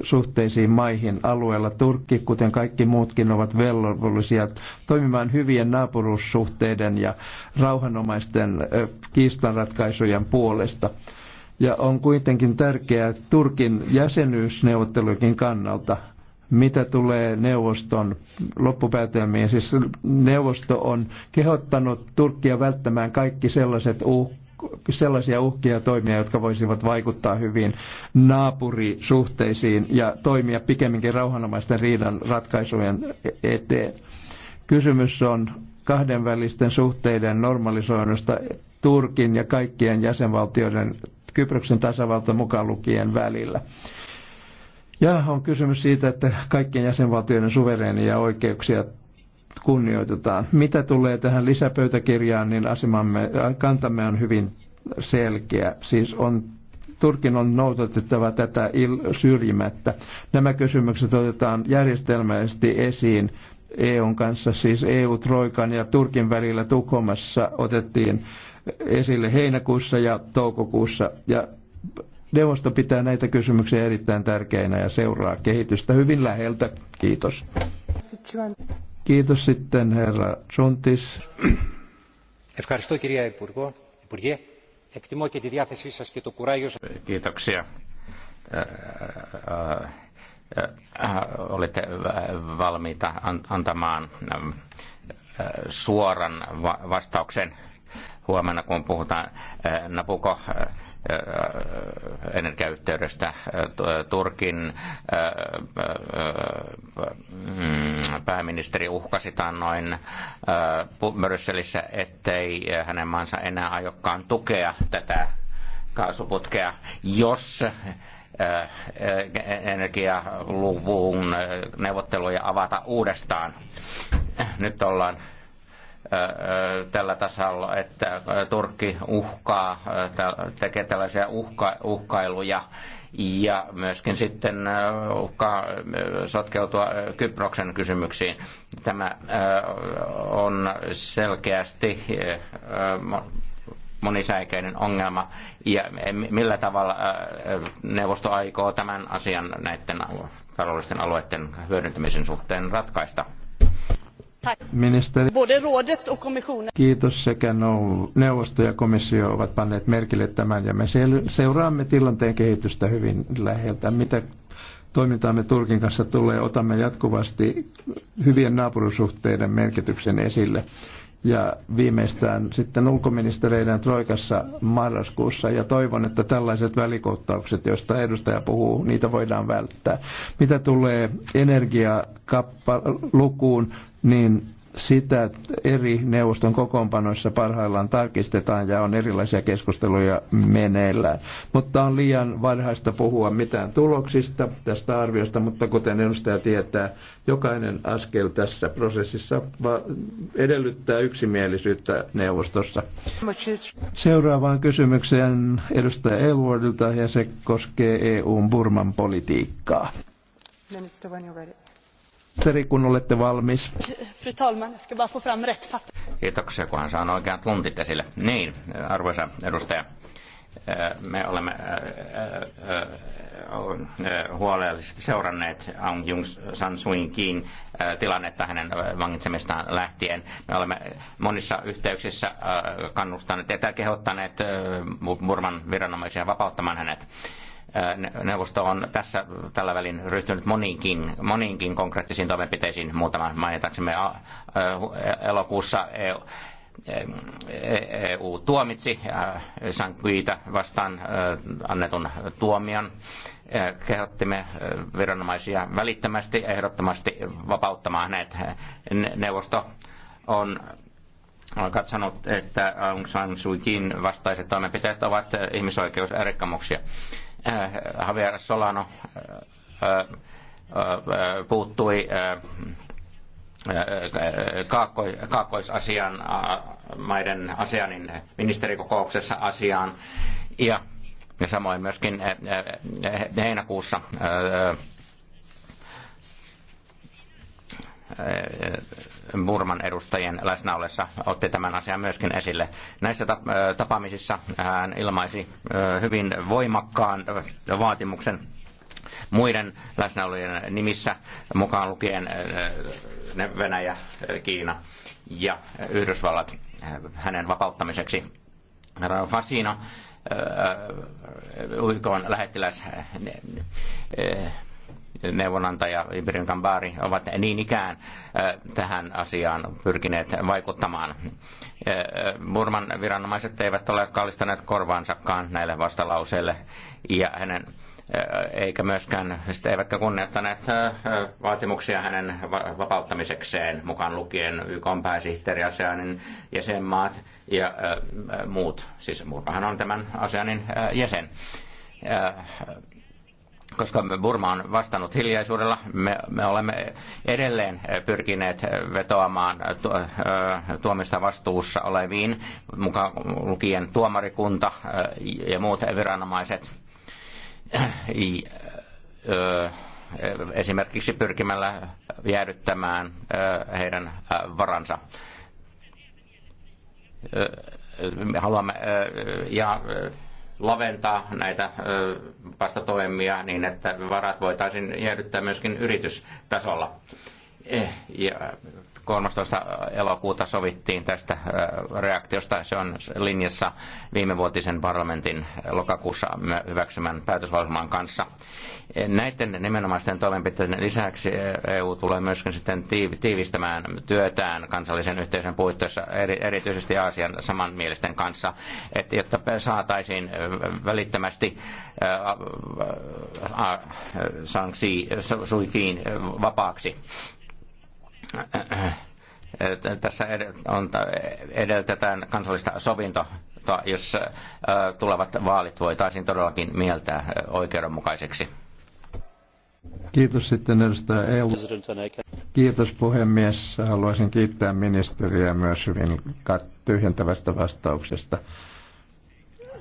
suhteisiin maihin alueella. Turkki, kuten kaikki muutkin, ovat velvollisia toimimaan hyvien naapuruussuhteiden ja rauhanomaisten kiistanratkaisujen puolesta. Ja on kuitenkin tärkeää Turkin jäsenyysneuvottelujenkin kannalta, mitä tulee neuvoston loppupäätelmiin. Siis neuvosto on kehottanut Turkkia välttämään kaikki sellaiset uhkat, sellaisia uhkia toimia, jotka voisivat vaikuttaa hyvin naapurisuhteisiin ja toimia pikemminkin rauhanomaisten riidan ratkaisujen e- eteen. Kysymys on kahdenvälisten suhteiden normalisoinnista Turkin ja kaikkien jäsenvaltioiden Kyproksen tasavalta mukaan lukien välillä. Ja on kysymys siitä, että kaikkien jäsenvaltioiden suvereenia oikeuksia kunnioitetaan. Mitä tulee tähän lisäpöytäkirjaan, niin asemamme, äh, kantamme on hyvin selkeä. Siis on Turkin on noudatettava tätä il- syrjimättä. Nämä kysymykset otetaan järjestelmällisesti esiin EUn kanssa, siis EU-Troikan ja Turkin välillä Tukomassa otettiin esille heinäkuussa ja toukokuussa. Ja neuvosto pitää näitä kysymyksiä erittäin tärkeinä ja seuraa kehitystä hyvin läheltä. Kiitos. Kiitos sitten herra Chuntis. Ευχαριστώ κυρία Υπουργό. Υπουργέ, εκτιμώ και τη διάθεσή σας και το κουράγιο σας. Kiitoksia. Olette valmiita antamaan suoran vastauksen huomenna, kun puhutaan Napuko Äh, energiayhteydestä äh, äh, Turkin pääministeri uhkasi noin Brysselissä, ettei hänen maansa enää aiokkaan tukea tätä kaasuputkea, jos energialuvun neuvotteluja avata uudestaan. Nyt ollaan tällä tasalla, että Turkki uhkaa, tekee tällaisia uhka, uhkailuja ja myöskin sitten uhkaa sotkeutua Kyproksen kysymyksiin. Tämä on selkeästi monisäikeinen ongelma ja millä tavalla neuvosto aikoo tämän asian näiden taloudellisten alueiden hyödyntämisen suhteen ratkaista? Ministeri, kiitos sekä neuvosto ja komissio ovat panneet merkille tämän ja me seuraamme tilanteen kehitystä hyvin läheltä. Mitä toimintaamme Turkin kanssa tulee, otamme jatkuvasti hyvien naapurusuhteiden merkityksen esille ja viimeistään sitten ulkoministereiden Troikassa marraskuussa. Ja toivon, että tällaiset välikohtaukset, joista edustaja puhuu, niitä voidaan välttää. Mitä tulee energiakappalukuun, niin sitä eri neuvoston kokoonpanoissa parhaillaan tarkistetaan ja on erilaisia keskusteluja meneillään. Mutta on liian varhaista puhua mitään tuloksista tästä arviosta, mutta kuten edustaja tietää, jokainen askel tässä prosessissa edellyttää yksimielisyyttä neuvostossa. Seuraavaan kysymykseen edustaja Elwardilta ja se koskee EUn Burman politiikkaa. Minister, when you're ready. Ministeri, kun olette valmis. Fru talman, jag ska bara få fram rätt fatt. Kiitoksia, kunhan saan oikeat luntit esille. Niin, arvoisa edustaja, eh, me olemme eh, eh, huolellisesti seuranneet Aung Jung San Suu Kyiin tilannetta hänen vangitsemistaan lähtien. Me olemme monissa yhteyksissä kannustaneet ja kehottaneet Burman viranomaisia vapauttamaan hänet neuvosto on tässä tällä välin ryhtynyt moniinkin, moniinkin konkreettisiin toimenpiteisiin, muutaman mainitaksemme elokuussa EU, e tuomitsi Sankuita vastaan annetun tuomion. Kehottimme viranomaisia välittömästi ehdottomasti vapauttamaan hänet. Neuvosto on olen katsonut, että Aung San Suu Kyin vastaiset toimenpiteet ovat ihmisoikeusrikkomuksia. Äh, Javier Solano äh, äh, puuttui kaakkoisasian maiden ASEANin ministerikokouksessa asiaan ja samoin myöskin heinäkuussa Äh, Burman edustajien läsnä ollessa otti tämän asian myöskin esille. Näissä äh, tapaamisissa hän ilmaisi äh, hyvin voimakkaan vaatimuksen muiden läsnäolojen nimissä, mukaan lukien Venäjä, Kiina ja Yhdysvallat hänen vapauttamiseksi. Fasina YK lähettiläs neuvonantaja Ibrin Kambari ovat niin ikään tähän asiaan pyrkineet vaikuttamaan. Burman viranomaiset eivät ole kallistaneet korvaansakaan näille vastalauseille ja hänen eikä myöskään, eivätkä kunnioittaneet vaatimuksia hänen vapauttamisekseen, mukaan lukien YK pääsihteeri ASEANin jäsenmaat ja muut. Siis Murpahan on tämän ASEANin jäsen koska Burma on vastannut hiljaisuudella, me, me olemme edelleen pyrkineet vetoamaan tu, tuomista vastuussa oleviin, mukaan lukien tuomarikunta ja muut viranomaiset. Esimerkiksi pyrkimällä jäädyttämään heidän varansa me haluamme ja laventaa näitä vastatoimia niin, että varat voitaisiin jäädyttää myöskin yritystasolla. Eh, ja 13. elokuuta sovittiin tästä reaktiosta. Se on linjassa vuotisen parlamentin lokakuussa hyväksymän päätöslauselman kanssa. Näiden nimenomaisten toimenpiteiden lisäksi EU tulee myöskin sitten tiivistämään työtään kansallisen yhteisön puitteissa, erityisesti Aasian samanmielisten kanssa, että jotta saataisiin välittömästi sanksi Kyiin vapaaksi Äh, äh, äh, tässä on, edellytetään kansallista sovintoa, jos tulevat vaalit voitaisiin todellakin mieltää oikeudenmukaiseksi. Kiitos sitten edustaja El. Kiitos puhemies. Haluaisin kiittää ministeriä myös hyvin tyhjentävästä vastauksesta.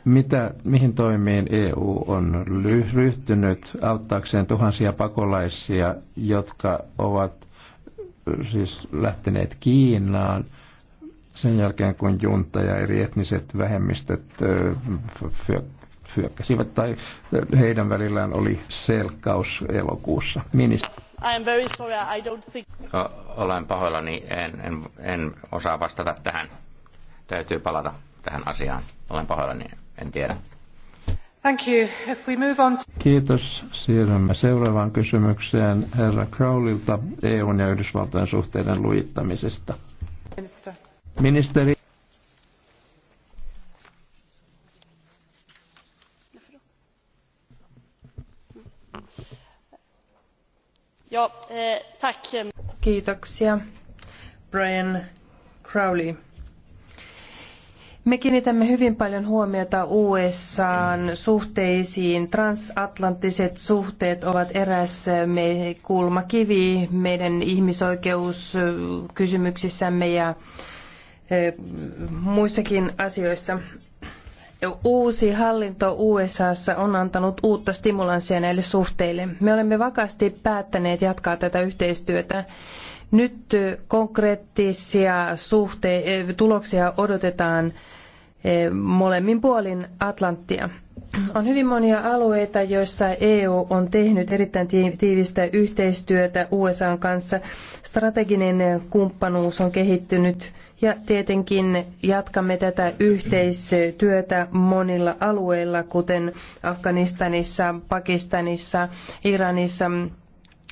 Mitä, mihin toimiin EU on ryhtynyt auttaakseen tuhansia pakolaisia, jotka ovat siis lähteneet Kiinaan sen jälkeen, kun junta ja eri etniset vähemmistöt hyökkäsivät tai heidän välillään oli selkkaus elokuussa. Ministeri. I'm very sorry, I don't think... Olen pahoillani, en, en, en osaa vastata tähän. Täytyy palata tähän asiaan. Olen pahoillani, en tiedä. Thank you. If we move on to... Kiitos. Siirrymme seuraavaan kysymykseen herra Crowlilta EUn ja Yhdysvaltain suhteiden lujittamisesta. Minister. Ministeri. Ja, eh, tack. Kiitoksia. Brian Crowley me kiinnitämme hyvin paljon huomiota USAn suhteisiin. Transatlanttiset suhteet ovat eräs eh, me kulmakivi meidän ihmisoikeuskysymyksissämme ja eh, muissakin asioissa. Uusi hallinto USAssa on antanut uutta stimulanssia näille suhteille. Me olemme vakaasti päättäneet jatkaa tätä yhteistyötä. Nyt konkreettisia suhte- tuloksia odotetaan eh, molemmin puolin Atlanttia. On hyvin monia alueita, joissa EU on tehnyt erittäin tiivistä yhteistyötä USAn kanssa. Strateginen kumppanuus on kehittynyt ja tietenkin jatkamme tätä yhteistyötä monilla alueilla, kuten Afganistanissa, Pakistanissa, Iranissa,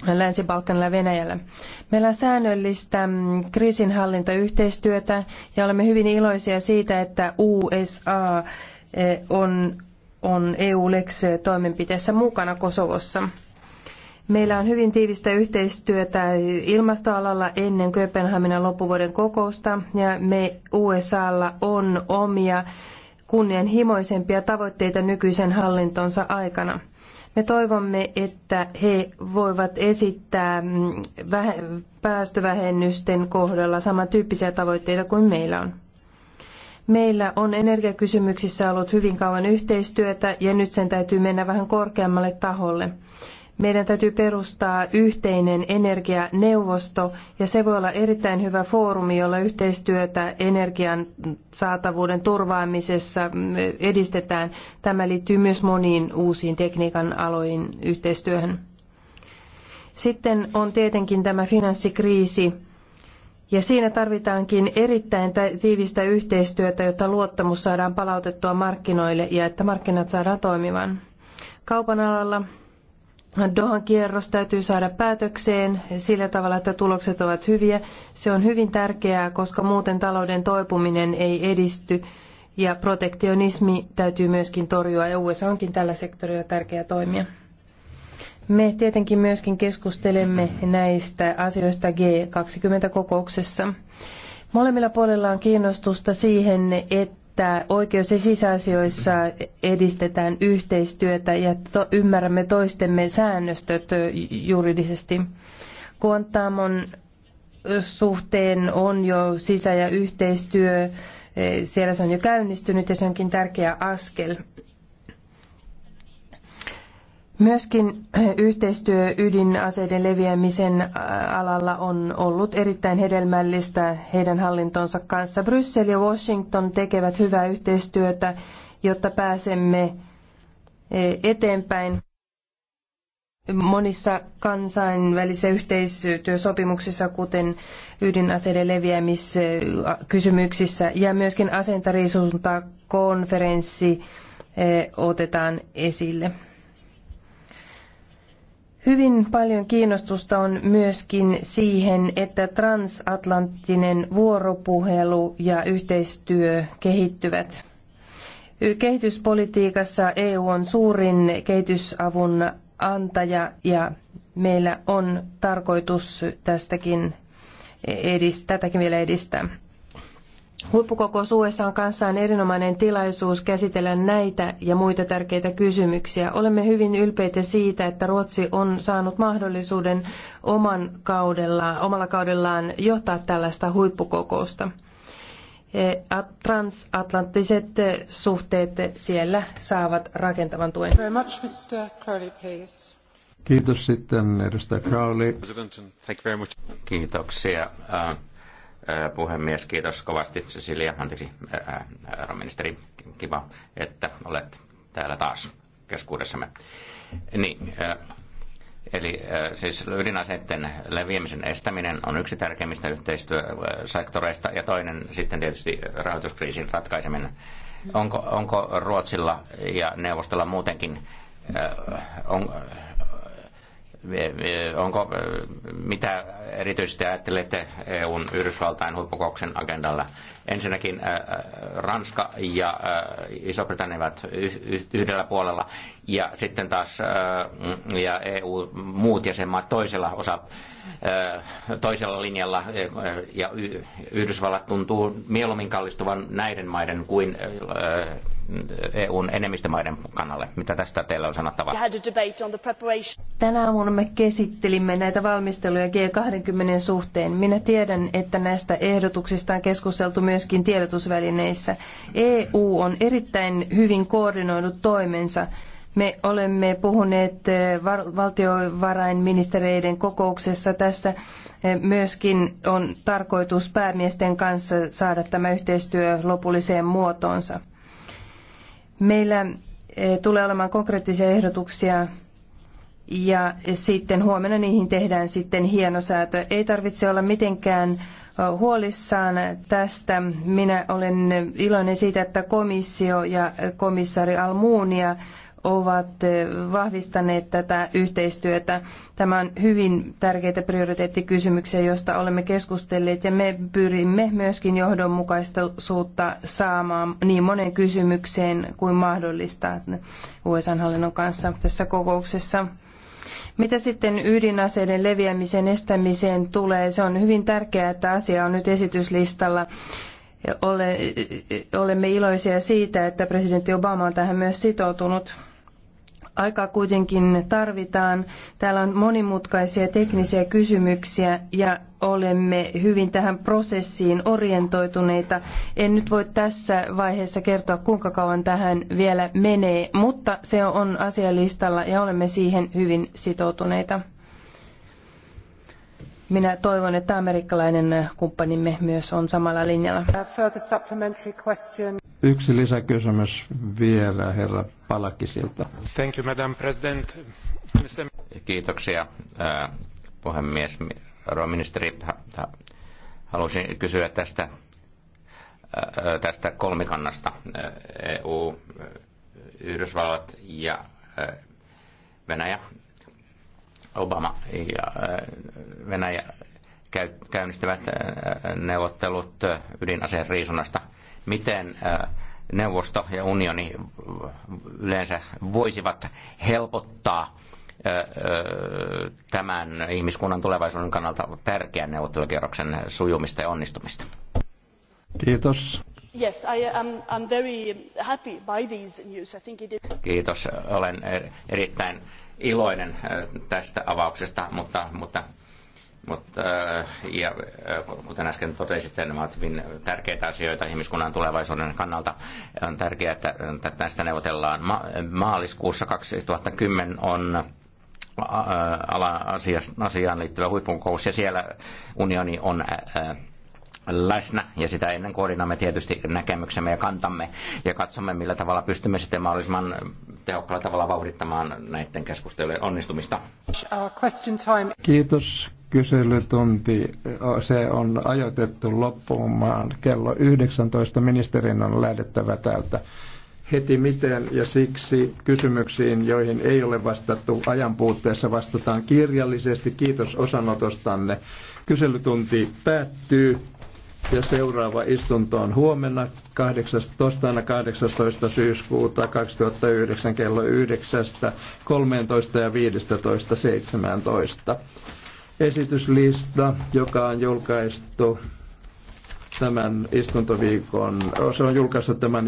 Länsi-Balkanilla ja Venäjällä. Meillä on säännöllistä mm, kriisinhallintayhteistyötä ja olemme hyvin iloisia siitä, että USA eh, on, on EU-Lex-toimenpiteessä mukana Kosovossa. Meillä on hyvin tiivistä yhteistyötä ilmastoalalla ennen Kööpenhaminan loppuvuoden kokousta ja me USAlla on omia kunnianhimoisempia tavoitteita nykyisen hallintonsa aikana. Me toivomme, että he voivat esittää mm, päästövähennysten kohdalla samantyyppisiä tavoitteita kuin meillä on. Meillä on energiakysymyksissä ollut hyvin kauan yhteistyötä ja nyt sen täytyy mennä vähän korkeammalle taholle. Meidän täytyy perustaa yhteinen energianeuvosto ja se voi olla erittäin hyvä foorumi, jolla yhteistyötä energian saatavuuden turvaamisessa mm, edistetään. Tämä liittyy myös moniin uusiin tekniikan aloihin yhteistyöhön. Sitten on tietenkin tämä finanssikriisi. Ja siinä tarvitaankin erittäin tiivistä yhteistyötä, jotta luottamus saadaan palautettua markkinoille ja että markkinat saadaan toimimaan. Kaupan alalla Dohan kierros täytyy saada päätökseen sillä tavalla, että tulokset ovat hyviä. Se on hyvin tärkeää, koska muuten talouden toipuminen ei edisty ja protektionismi täytyy myöskin torjua ja USA onkin tällä sektorilla tärkeä toimija. Me tietenkin myöskin keskustelemme näistä asioista G20-kokouksessa. Molemmilla puolilla on kiinnostusta siihen, että että oikeus- ja sisäasioissa edistetään yhteistyötä ja to- ymmärrämme toistemme säännöstöt juridisesti. Kuantamon suhteen on jo sisä- ja yhteistyö, siellä se on jo käynnistynyt ja se onkin tärkeä askel. Myöskin eh, yhteistyö ydinaseiden leviämisen alalla on ollut erittäin hedelmällistä heidän hallintonsa kanssa. Bryssel ja Washington tekevät hyvää yhteistyötä, jotta pääsemme eh, eteenpäin. Monissa kansainvälisissä yhteistyösopimuksissa, kuten ydinaseiden leviämiskysymyksissä ja myöskin asentariisuntakonferenssi eh, otetaan esille. Hyvin paljon kiinnostusta on myöskin siihen, että transatlanttinen vuoropuhelu ja yhteistyö kehittyvät. Kehityspolitiikassa EU on suurin kehitysavun antaja ja meillä on tarkoitus tästäkin edist- tätäkin vielä edistää. Huippukokous USA kanssa on erinomainen tilaisuus käsitellä näitä ja muita tärkeitä kysymyksiä. Olemme hyvin ylpeitä siitä, että Ruotsi on saanut mahdollisuuden oman kaudellaan, omalla kaudellaan johtaa tällaista huippukokousta. E, Transatlanttiset suhteet siellä saavat rakentavan tuen. Kiitos sitten edustaja Crowley. Kiitoksia puhemies. Kiitos kovasti Cecilia, anteeksi, herra ministeri. Kiva, että olet täällä taas keskuudessamme. Niin, Eli siis ydinaseiden leviämisen estäminen on yksi tärkeimmistä yhteistyösektoreista ja toinen sitten tietysti rahoituskriisin ratkaiseminen. Onko, onko Ruotsilla ja neuvostolla muutenkin on, Eh, onko eh, mitä erityisesti ajattelette EUn Yhdysvaltain huippukokouksen agendalla Ensinnäkin äh, äh, Ranska ja äh, Iso-Britannia ovat yhdellä puolella ja sitten taas mm, ja EU muut jäsenmaat toisella osa toisella linjalla ja Yhdysvallat tuntuu mieluummin kallistuvan näiden maiden kuin EUn enemmistömaiden kannalle. Mitä tästä teillä on sanottavaa? Tänä aamuna me käsittelimme näitä valmisteluja G20 suhteen. Minä tiedän, että näistä ehdotuksista on keskusteltu myöskin tiedotusvälineissä. EU on erittäin hyvin koordinoinut toimensa. Me olemme puhuneet eh, valtiovarainministereiden kokouksessa tästä. Eh, myöskin on tarkoitus päämiesten kanssa saada tämä yhteistyö lopulliseen muotoonsa. Meillä eh, tulee olemaan konkreettisia ehdotuksia ja sitten huomenna niihin tehdään sitten hienosäätö. Ei tarvitse olla mitenkään huolissaan tästä. Minä olen iloinen siitä, että komissio ja komissaari Almunia ovat vahvistaneet tätä yhteistyötä. Tämä on hyvin tärkeitä prioriteettikysymyksiä, joista olemme keskustelleet ja me pyrimme myöskin johdonmukaisuutta saamaan niin monen kysymykseen kuin mahdollista USAn hallinnon kanssa tässä kokouksessa. Mitä sitten ydinaseiden leviämisen estämiseen tulee, se on hyvin tärkeää, että asia on nyt esityslistalla. Olemme iloisia siitä, että presidentti Obama on tähän myös sitoutunut. Aikaa kuitenkin tarvitaan. Täällä on monimutkaisia teknisiä kysymyksiä ja olemme hyvin tähän prosessiin orientoituneita. En nyt voi tässä vaiheessa kertoa, kuinka kauan tähän vielä menee, mutta se on asialistalla ja olemme siihen hyvin sitoutuneita. Minä toivon, että amerikkalainen kumppanimme myös on samalla linjalla. Uh, Yksi lisäkysymys vielä herra Palakisilta. Thank you, Madam President. Mr. Kiitoksia, puhemies. Rouva ministeri, haluaisin kysyä tästä, tästä kolmikannasta EU, Yhdysvallat ja Venäjä Obama ja äh, Venäjä käynnistävät äh, neuvottelut äh, ydinaseen riisunnasta. Miten neuvosto ja unioni yleensä voisivat helpottaa tämän ihmiskunnan tulevaisuuden kannalta tärkeän neuvottelukierroksen sujumista ja onnistumista. Kiitos. Yes, I am, um, I'm very happy by these news. I think it is... Kiitos. Olen er, erittäin iloinen tästä avauksesta, mutta, mutta mutta, ja kuten äsken totesitte, nämä ovat hyvin tärkeitä asioita ihmiskunnan tulevaisuuden kannalta. On tärkeää, että tästä neuvotellaan. Ma- maaliskuussa 2010 on ala asiaan liittyvä huippukous ja siellä unioni on läsnä ja sitä ennen koordinoimme tietysti näkemyksemme ja kantamme ja katsomme, millä tavalla pystymme sitten mahdollisimman tehokkaalla tavalla vauhdittamaan näiden keskustelujen onnistumista. Kiitos kyselytunti. Se on ajoitettu loppumaan kello 19. Ministerin on lähdettävä täältä heti miten ja siksi kysymyksiin, joihin ei ole vastattu ajan puutteessa, vastataan kirjallisesti. Kiitos osanotostanne. Kyselytunti päättyy ja seuraava istunto on huomenna 18, torstaina 18. syyskuuta 2009 kello 9, 13 ja 15, 17. Esityslista, joka on julkaistu tämän istuntoviikon, se on julkaistu tämän